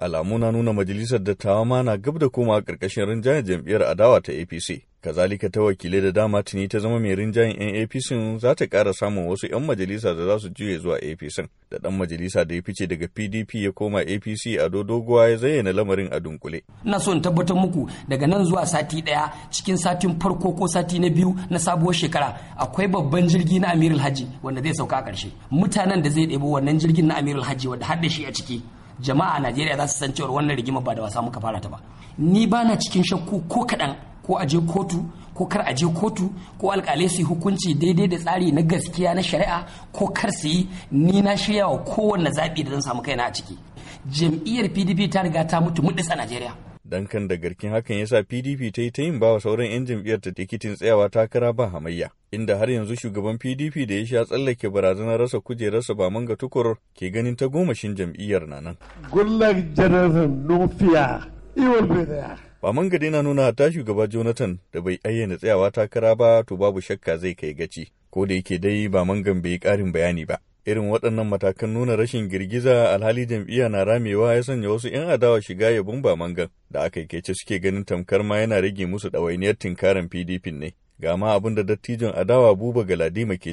alamu na nuna majalisar dattawa ma na gab da koma ƙarƙashin rinjayen jam'iyyar adawa ta apc kazalika ta wakilai da dama tuni ta zama mai rinjayen 'yan apc za ta ƙara samun wasu 'yan majalisa da za su juye zuwa apc da ɗan majalisa da ya fice daga pdp ya koma apc a dodogowa ya zayyana lamarin a dunkule ina son tabbatar muku daga nan zuwa sati ɗaya cikin satin farko ko sati na biyu na sabuwar shekara akwai babban jirgi na amirul haji wanda zai sauka a ƙarshe mutanen da zai ɗebo wannan jirgin na amirul haji wanda har da shi a ciki jama'a a Najeriya za su san cewa wannan rigima ba da wasa muka fara ta ba ni ba na cikin shakku ko kaɗan ko a je kotu ko kar a je kotu ko alƙalai su hukunci daidai da tsari na gaskiya na shari'a ko kar su yi ni na shirya wa kowanne zaɓi da zan samu kaina a ciki jam'iyyar pdp ta riga ta mutu mudis a najeriya dankan da garkin hakan yasa pdp ta yi ta yin ba wa sauran 'yan jam'iyyar ta tikitin tsayawa takara ba hamayya inda har yanzu shugaban PDP da ya sha tsallake barazanar rasa kujerarsa ba manga tukur ke ganin ta gomashin jam'iyyar na nan. Gullar janarar Nufiya, iwal bai Ba manga dai na nuna ta shugaba Jonathan da bai ayyana tsayawa takara ba to babu shakka zai kai gaci. Ko da yake dai ba mangan bai karin bayani ba. irin waɗannan matakan nuna rashin girgiza alhali jam'iyya na ramewa ya sanya wasu 'yan adawa shiga yabon ba-mangan, da aka kece suke ganin tamkar ma yana rage musu ɗawainiyar tinkaran pdp ne gama ma abin da dattijon adawa Buba Galadima ke